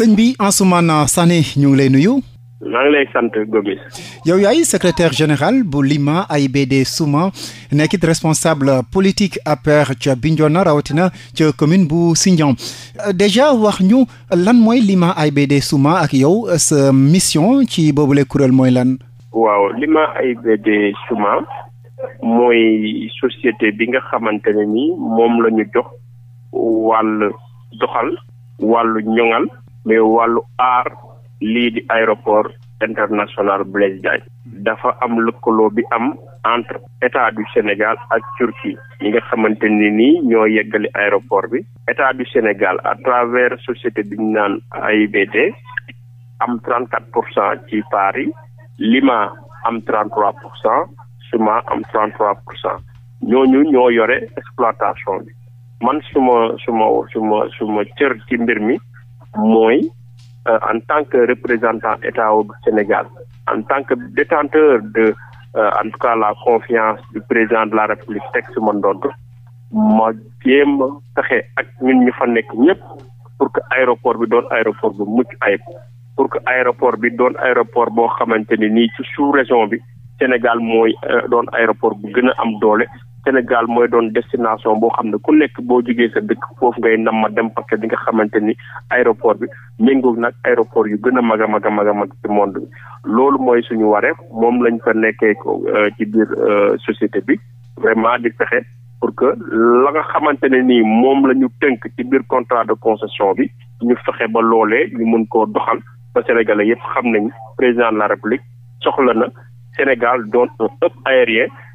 sëñ bi Ansoumana Sané ñu ngi lay nuyu. maa ngi lay sant Gomis. yow yaay secrétaire général bu Lima AIBD Suma nekkit responsable politique APR ca Bignona rawatina ca commune bu Sindian euh, déjà wax ñu lan mooy Lima AIBD Suma ak yow euh, sa mission ci boobule kuréel mooy lan. waaw Lima AIBD Suma mooy société bi nga xamante ne ni moom la ñu jox wàll doxal wàllu ñoŋal. mais wàllu aar lii di aéroport international Blaise Diagne dafa am lëkkaloo bi am entre état du Sénégal ak Turquie ñi nga xamante ni nii ñoo yeggali aéroport bi état du Sénégal à travers société bi ñu naan AIBD am trente quatre pour cent ci Paris Lima am trente trois pour cent Suma am trente trois pour cent ñooñu ñoo yore exploitation bi man suma suma suma suma cër ci mbir mi mooy euh, en tant que représentant état au Sénégal en tant que détenteur de euh, en tout cas la confiance du président de la République teg si ma ndodd ma jéem a fexe ak ñun ñu fa nekk ñëpp pour que aéroport bi doon aéroport bu mucc ayib pour que aéroport bi doon aéroport boo xamante ni nii ci sous région bi Sénégal mooy euh, doon aéroport bu gën a am doole Sénégal mooy doon destination boo xam ne ku nekk boo jugee sa dëkk foofu ngay nam ma dem parce que nga xamante ni aéroport bi méngoog nag aéroport yu gën a mag a mag a mag a mag ci monde bi loolu mooy suñu wareef moom lañ fa nekkee ko euh, ci biir euh, société bi vraiment di fexe pour que la nga xamante ne nii moom la ñu tënk ci biir contrat de concession bi ñu fexe ba loolee ñu mën koo doxal ba Sénégalais yëpp xam nañu président de la République soxla na Sénégal doon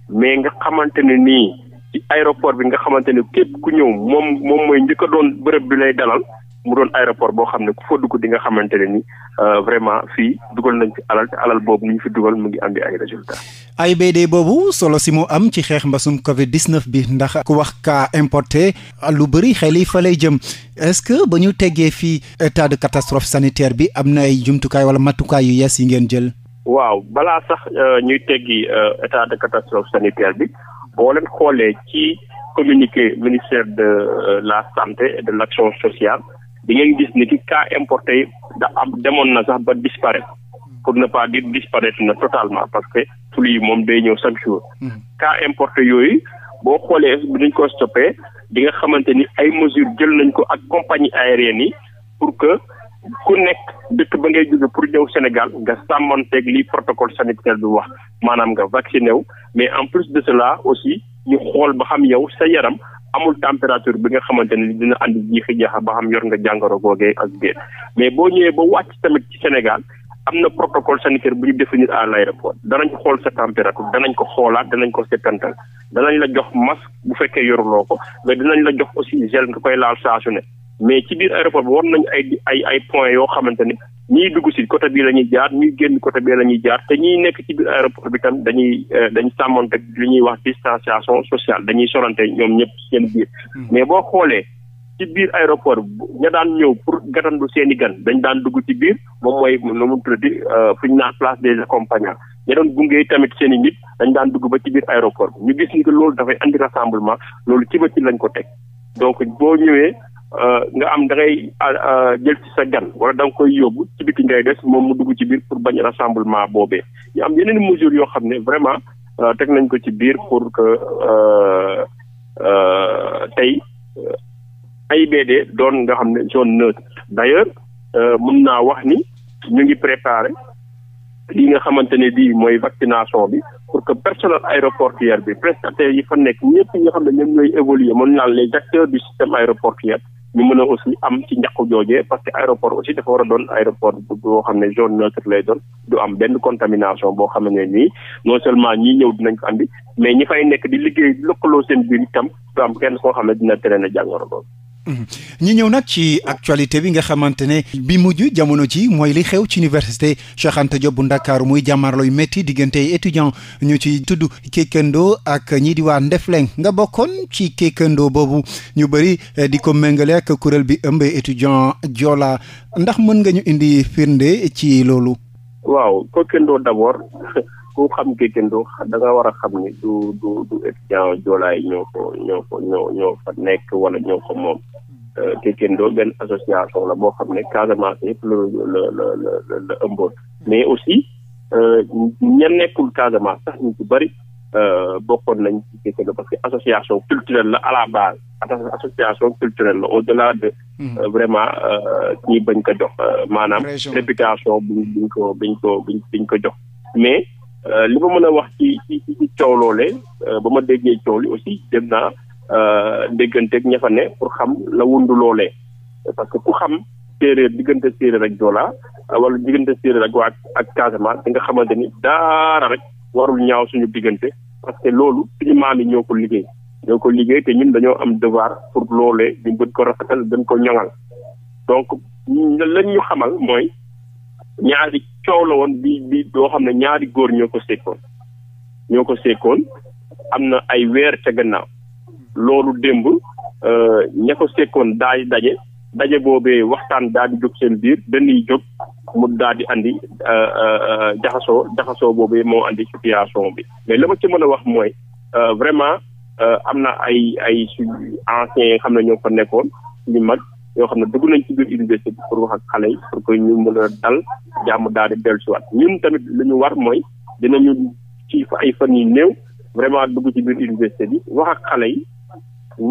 mais nga xamante ne nii ci aéroport bi nga xamante ne képp ku ñëw moom moom mooy njëkk a doon bërëb bi lay dalal mu doon aéroport boo xam ne ku fa ko di nga xamante ne ni euh, vraiment fii dugal nañ fi alal te boobu ni fi dugal mu ngi andi ay résultats. AIBD boobu solo si mu am ci xeex mbasum Covid 19 bi ndax ku wax kaa importé lu bëri xel yi fa lay jëm est-ce que ba ñu teggee fii état de catastrophe sanitaire bi am na ay jumtukaay wala matukaay yu yees yi ngeen jël. waaw balaa sax euh, ñuy teggi euh, état de catastrophe sanitaire bi boo leen xoolee ci communiqué ministère de euh, la santé et de l'action sociale di ngeen gis ni ki cas importé yi da am demoon na sax ba disparaître pour ne pas dire disparaître na totalement parce que flux yi moom day ñëw chaque jour. Hmm. cas importé yooyu boo xoolee bi dañ ko stoppé di nga xamante ni ay mesures jël nañ ko ak compagnie aérienne yi pour que. ku nekk dëkk ba ngay jóge pour ñëw Sénégal nga sàmmanteeg li protocole sanitaire bi wax maanaam nga vacciné wu mais en plus de cela aussi ñu xool ba xam yow sa yaram amul température bi nga xamante ne dina andi jiixi jaaxa ba xam yor nga jàngoro googee ak déet mais boo ñëwee ba wàcc tamit ci Sénégal am na protocole sanitaire bu ñu définir à l'aéroport danañ xool sa température danañ ko xoolaat danañ ko settantal danañ la jox masque bu fekkee yoruloo ko mais dinañ la jox aussi gel nga koy laal saa su ne mais ci biir aéroport bi war nañu ay ay ay points yoo xamante ne ñiy dugg si côté bii la ñuy jaar ñuy génn côté bii la ñuy jaar te ñiy nekk ci biir aéroport bi tam dañuy euh, dañuy sàmmoon rek ñuy wax distanciation sociale dañuy sorante ñoom ñëpp seen biir. Hmm. mais boo xoolee ci biir aéroport ña daan ñëw pour gatandu seen i gan dañ daan dugg ci biir moom mooy nu mu tuddati euh, fu ñu naan place des accompagnants. ña doon gunge tamit seen i nit dañ daan dugg ba ci biir aéroport ñu gis ni loolu dafay andi rassemblement loolu ci ba ci lañ ko teg donc boo ñëwee. Euh, nga am da ngay euh, euh, jël ci sa gan wala da nga koy yóbbu ci biti ngay des moom mu dugg ci biir pour bañ rassemblement boobee ñu am yeneen mesures yoo xam ne vraiment teg nañ ko ci biir pour que tey AIBD doon nga xam ne zone neutre d'ailleurs mën naa wax ni ñu ngi préparer li nga xamante ne bii mooy vaccination bi pour que personnel aéroportuaire bi prestataires yi fa nekk ñëpp ñi xam ne ñoom ñooy évoluer mën naan les acteurs du système aéroportuaire ñu mën a aussi am ci njaqu joojee parce que aéroport aussi dafa war a doon aéroport boo xam ne zone neutre lay doon du am benn contamination boo xam ne nii non seulement ñi ñëw dinañ ko andi mais ñi fay nekk di liggéey lëkkaloo seen biir itam du am kenn koo xam ne dina tere na jàngoro loolu ñi ñëw nag ci actualité bi nga xamante ne bi mujj jamono ci mooy li xew ci université Cheikh Anta bu Ndakaaru muy jàmmarloo yu métti diggante étudiant ñu ci tudd kékkandoo ak ñii di waa nga bokkoon ci kékkandoo boobu ñu bëri eh, di ko méngale ak kuréel bi ëmb étudiant Joola ndax mën nga ñu indi firnde ci loolu waaw kékkandoo d'abord ku xam géejandoo da nga war a xam ni du du du étudiant joolaay ñoo ko ñoo ko nekk wala ñoo ko moom géejandoo hmm. euh, benn association la boo xam ne Casamance yëpp la la la la la ëmboon hmm. mais aussi euh, ña nekkul Casamance sax ñu ci bëri euh, bokkoon nañ ci géejandoo parce que association culturelle la à la base association culturelle la au delà de hmm. vraiment ñi bañ ko jox maanaam réputation biñ ko biñ ko jox mais Euh, li ma mën a wax ci ci ci coow loolee euh, ba ma déggee coow li aussi dem naa euh, ndégganteeg ña fa ne pour xam la wundu loole parce que ku xam séeréer diggante séeréer ak joola wala diggante séeréer ak waa ak Casamance di nga xamante ni daara rek warul ñaaw suñu diggante parce que loolu suñu maam yi ñoo ko liggéey ñoo ko liggéey te ñun dañoo am devoir pour loole ñu gën ko rafetal gën ko ñoŋal donc lañ xamal mooy ñaari coow la woon bi bi boo xam ne ñaari góor ñoo ko sekkoon ñoo ko sekkoon am na ay weer ca gannaaw loolu démb euh, ña ko sekkoon daay daje daje boobee waxtaan daal di jóg seen biir dañuy jóg mu daal di indi euh, euh, jaxasoo jaxasoo boobee moo andi situation bi mais la ma ci mën a wax mooy vraiment am na ay ay anciens yi nga xam ne ñoo ko nekkoon ñu mag yoo xam ne dugg nañ ci biir université bi pour wax ak xale yi pour que ñu mën a dal jàmm daal di dellusiwaat ñun tamit lu ñu war mooy dinañu ci fa ay fan yu néew vraiment dugg ci biir université bi wax ak xale yi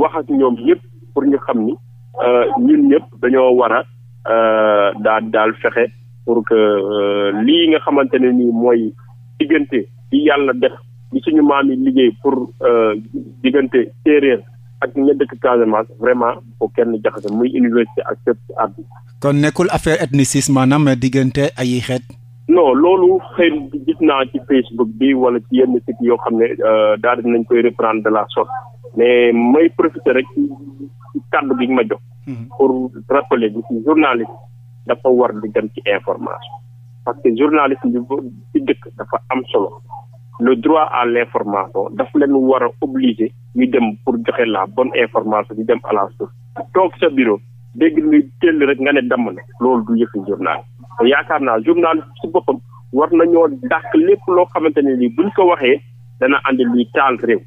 wax ak ñoom ñëpp pour ñu xam ni euh, ñun ñëpp dañoo war a euh, daal daal fexe pour que euh, lii nga xamante ne nii mooy diggante yi yàlla def bi suñu maam yi liggéey pour diggante séeréer ak ña dëkk Casamance vraiment foo kenn jaxase muy université ak fépp ci kon nekkul affaire ethnicisme maanaam diggante ay xeet non loolu xëy gis naa ci Facebook bi wala ci yenn site yoo xam ne euh, daal di nañ koy reprendre de la sorte mais may profiter rek ci kàddu gi ñu ma jox mhm. pour rappeler bi ci journaliste dafa war di dem ci information parce que journaliste bi ci dëkk dafa am solo le droit à l'information daf leen war a obligé ñu dem pour joxe la bon information ñu dem à la source toog sa bureau dégg lu tell rek nga ne damm ne loolu du yëfi journal yaakaar naa journal si boppam war ñoo dàq lépp loo xamante ne ni buñ ko waxee dana andi luy taal réew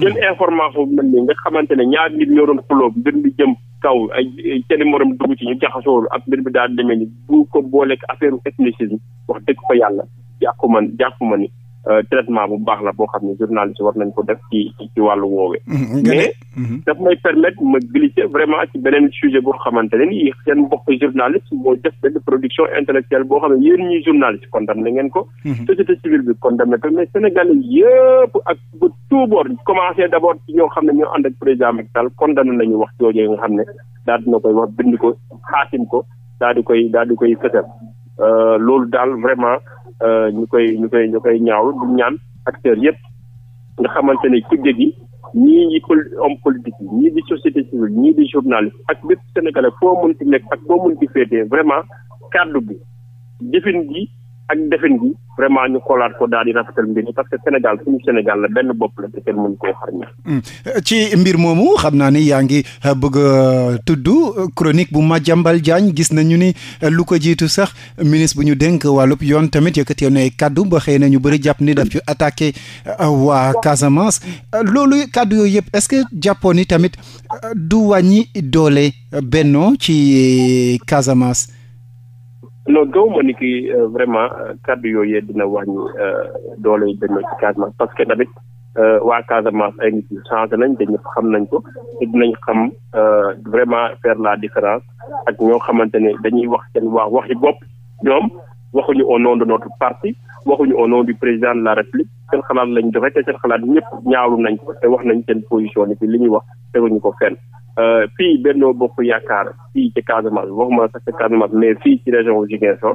jël information bi mel ni nga xamante ne ñaar nit ñoo doon xuloo mbir mi jëm kaw ay seen morom dugg ci ñu jaxasoolu ak mbir mi daal demee ni bu ko booleeg affaire ethnicisme wax dëgg fa yàlla jàpp man jàpp ma ni Euh, traitement bu baax la boo xam ne journaliste war nañ ko def ci ci wàllu woowee. Mhm, mhm, mais mhm. daf may permettre ma glisser vraiment ci beneen sujet boo xamante ne nii seen mbokk journaliste moo def benn production intellectuelle boo xam ne yéen ñuy journaliste condamné ngeen ko. société civile bi condamné ko mais Sénégalais yëpp ak ba tout bord commencé d' abord ci ñoo xam ne ñoo ànd ak président Macky Sall na ñu wax jooju nga xam ne daal dina koy wax bind ko xaatim ko daal di koy daal di koy fësal euh, loolu daal vraiment. Euh, ñu koy ñu koy ñu koy ñaaw du ñaan acteurs yëpp nga xamante ne kujje gi ñii ñi pol homme politique yi ñii di société civile ñii di journaliste ak bépp sénégalais foo mënti nekk ak foo mënti féetee vraiment kaddu bi jëfin gi ak defin bi ñu xoolaat ko daal di rafetal mbir mi parce que Sénégal suñu Sénégal la benn bopp la te kenn koo hmm. ci mbir moomu xam naa ni yaa ngi euh, bëgg a euh, tudd euh, chronique bu Madiambal Diagne gis nañu ni lu ko jiitu sax ministre bu ñu dénk wàllub yoon tamit yëkkati na ay kaddu ba xëy na ñu bëri jàpp ni daf ci attaque waa Casamance loolu kaddu yooyu yëpp est-ce que jàppoon ni tamit du wàññi doole bennoo ci Casamance. non gaw ma ni ki euh, vraiment kàddu yooyu dina wax wàññi euh, doole yi benn ci Casamance parce que tamit euh, waa Casamance ay nit yu changé nañ te xam nañ ko te dinañ xam vraiment faire la différence ak ñoo xamante ne dañuy wax seen waa waxi bopp ñoom waxuñu au nom de notre parti waxuñu au nom du président de la république seen xalaat lañ joxe te seen xalaat ñëpp ñaawlu nañ ko te wax nañ seen position ni fi li ñuy wax teguñu ko fenn Euh, fii Benno Bokk Yaakaar fii ci Casamance waxuma sax ci Casamance mais fii ci région wu Ziguinchor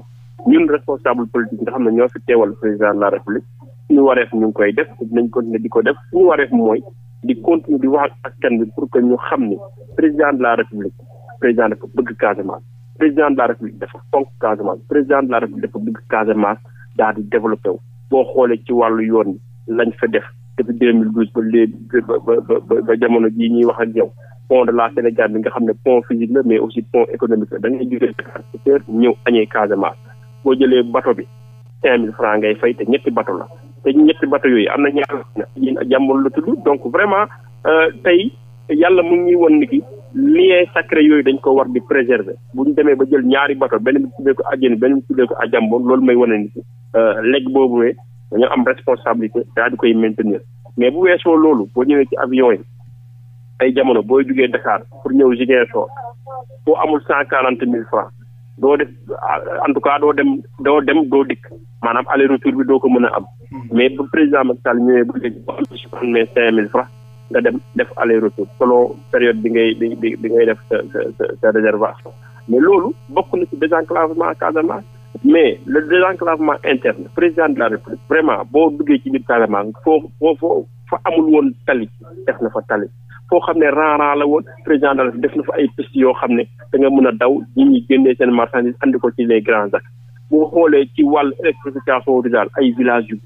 ñun responsable politique nga xam ne ñoo fi teewal président de la république suñu wareef ñu ngi koy def dinañ continuer di ko def suñu wareef mooy di continuer di wax ak askan bi pour que ñu xam ne président de la république président dafa bëgg Casamance président de la république dafa fonk Casamance président de la république dafa bëgg Casamance daal développé wu boo xoolee ci wàllu yoon lañ fa def depuis 2012 ba léegi ba ba ba jamono jii ñuy wax ak yow pont de la Sénégal bi nga xam ne pont physique la mais aussi pont économique la da ngay jógee Dakar ñëw añee Casamance boo jëlee bato bi cinq mille francs ngay fay te ñetti bato la te ñetti bato yooyu am na ñaar yéen jàmmoon la tudd donc vraiment euh, tey yàlla mu ngi woon ni ki lien sacré yooyu dañ ko war di préserver bu ñu demee ba jël ñaari bato benn bi tuddee ko àjjana benn bi tuddee ko àjàmboon loolu may wane ni ki euh, léegi boobu dañoo am responsabilité daal di koy maintenir mais bu weesoo loolu boo ñëwee ci avion yi ay jamono booy jugee Dakar pour ñëw soo foo amul cent quarante mille franc doo def en tout cas doo dem doo dem doo dikk maanaam aller retour bi doo ko mën a am mais bu président Macky Sall ñëwee bu léegi boo amee soixante cinq mille nga dem def aller retour selon période bi ngay bi bi ngay def sa sa sa réservation mais loolu bokk na ci désenclavement Casamance mais le désenclavement interne président de la République vraiment boo duggee ci biir Casamance foo foo foo fa amul woon tali def na fa tali foo xam ne rang-rang la woon président de def na fa ay piste yoo xam ne da nga mën a daw ñi ñi génnee seen marchandise andi ko ci les grands axes boo xoolee ci wàll électrification rurale ay villages yu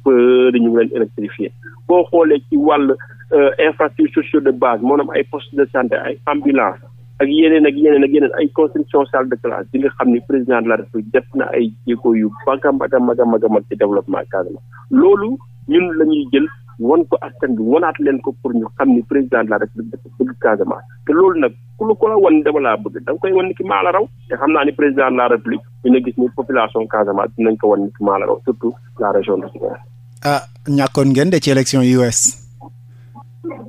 ñu ngi leen boo xoolee ci wàll euh, infrastructure sociale de base maanaam ay poste de santé ay ambulance ak yeneen ak yeneen ak yeneen ay construction salle de classe nga xam ni président de la République def na ay jéego yu mag a mag a mag mag a mag ci développement Casamance loolu ñun la ñuy jël won ko askan gi wonaat leen ko pour ñu xam ni président de la république dafa Casamance te loolu nag ku la ko won dama laa bëgg danga koy won ni ki maa la raw te xam naa ni président de la république dina gis ni population Casamance dinañ ko won ni ki maa la raw surtout la région de Sénégal. Ah,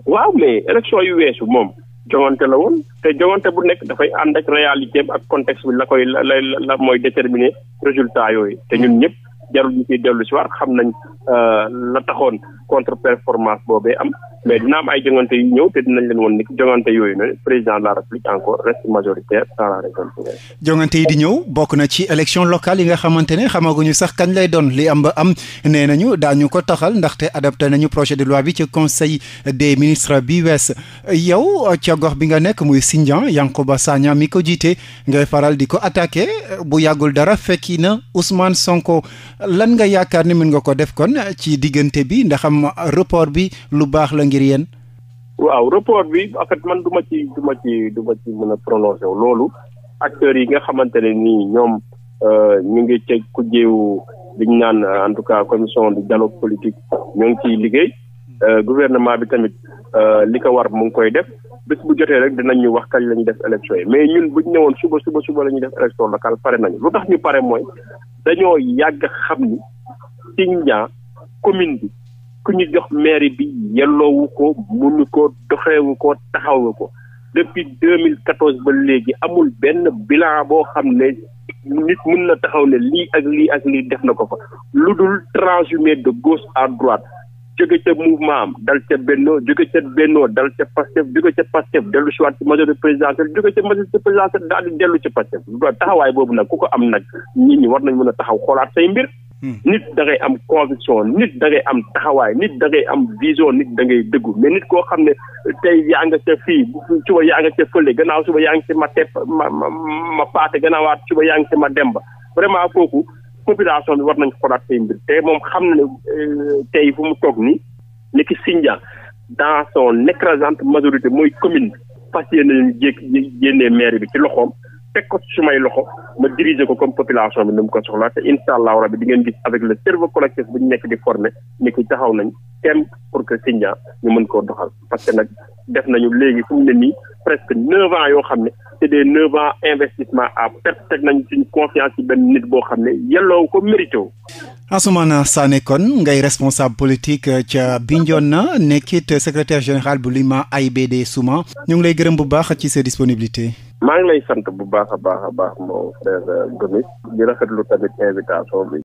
waaw mais élection yu weesu moom joŋante la woon te joŋante bu nekk dafay ànd ak réalité ak context bi la koy la la mooy déterminer résultat yooyu te ñun ñëpp jarul dellu si xam nañ la taxoon contre performance boobee am mais dina am ay jongante yu ñëw te leen woon ni jongante yooyu ne président de la république encore reste majoritaire dans la jongante yi di ñëw bokk na ci élection locale yi nga xamante ne xamaguñu sax kañ lay doon li am ba am nee nañu daañu ko taxal ndaxte adopté nañu projet de loi bi ci conseil des ministres bi wees yow ca gox bi nga nekk muy Sindian ba Sagna mi ko jiite ngay faral di ko attaqué bu yàggul dara fekki na Ousmane Sonko lan nga yaakaar ni mën nga ko def kon ci diggante bi ndax am bi lu baax la ngir yéen. waaw report bi en fait man du ma ci du ma ci du ma ci mën a prononcé wu loolu acteur yi nga xamante ne nii ñoom euh, ñu ngi ci ku jéewu liñ naan en tout cas commission de dialogue politique ñoo ngi ciy liggéey euh, gouvernement bi tamit euh, li ko war mu ngi koy def bés bu jotee rek dinañ ñu wax kañ la def élection yi mais ñun bu ñu newoon suba suba suba la ñuy def élection locale pare nañu lu tax ñu pare mooy dañoo yàgg xam ni Sindia commune bi ku ñu jox mairie bi yelloowu ko munu ko doxewu ko taxawu ko depuis deux mille quatorze ba léegi amul benn bilan boo xam ne nit mun na taxaw ne lii ak lii ak lii def na ko fa lu dul transhumé de gauche à droite jóge ca mouvement am dal ca bennoo jóge ca bennoo dal ca Pastef jóge ca Pastef dellu si waat ci majorité présidentielle jóge ca majorité présidentielle daal di dellu ci Pastef taxawaay boobu nag ku ko am nag nit ñi war nañ mun a taxaw xoolaat say mbir nit da am conviction nit da ngay am taxawaay nit da ngay am vision nit da ngay dëggu mais nit koo xam ne tey yaa nga sa fii suba yaa nga ca fële gannaaw suba yaa nga ca ma tepp ma ma ma paate gannaawaat suba yaa nga ca ma demba vraiment kooku population bi war nañ xoolaat tey mbir te moom xam na ne euh, tey fu mu toog nii ni ki Sindia dans son écrasante majorité mooy commune fas yéene jéeg yéene maire bi ci loxoom teg ko ci sumay loxo ma diriger ko comme population bi nu mu ko soxlaa te incha allahu rabi di ngeen gis avec le cerveau collectif bu ñu nekk di former ni ki taxaw nañ kenn pour que Sindia ñu mën koo doxal parce que nag def nañu léegi fu mu ne nii presque neuf ans yoo xam ne c'est des neuf ans investissement à perte teg nañ suñu confiance ci benn nit boo xam ne yelloo ko mérité wu. na Sané kon ngay responsable politique ca Bignona nekkit secretaire général bu Lima AIBD Suma ñu ngi lay gërëm bu baax ci sa disponibilité. maa ngi lay sant bu baax a baax a baax mon frère :fra Gomis di rafetlu tamit invitation :fra bi